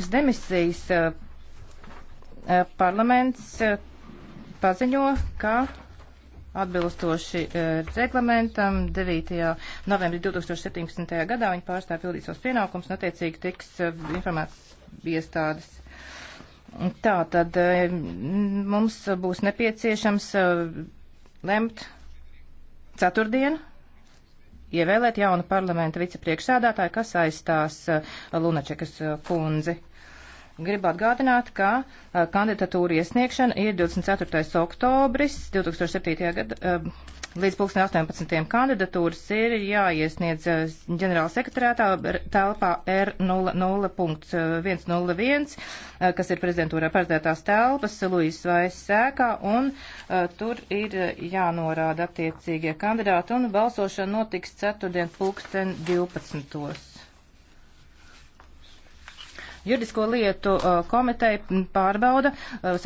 Vairākas demisijas eh, eh, parlaments eh, paziņo, ka atbilstoši reglamentam 9. novembrī 2017. gadā viņi pārstāv pildīt savus pienākumus un attiecīgi tiks informēts iestādes. Tā tad mums būs nepieciešams lemt ceturtdienu ievēlēt jaunu parlamenta vicepriekšsēdētāju, kas aizstās uh, Lunačekas uh, kundzi. Gribu atgādināt, ka eh, kandidatūra iesniegšana ir 24. oktobris 2007. gada. Eh, līdz 2018. kandidatūras ir jāiesniedz eh, ģenerāla sekretārētā telpā R0.101, kas ir prezidentūrā paredzētās telpas Luijas Vais sēkā, un tur ir jānorāda attiecīgie kandidāti, un balsošana notiks ceturtdien pulksten 12. Juridisko lietu uh, komiteja pārbauda uh,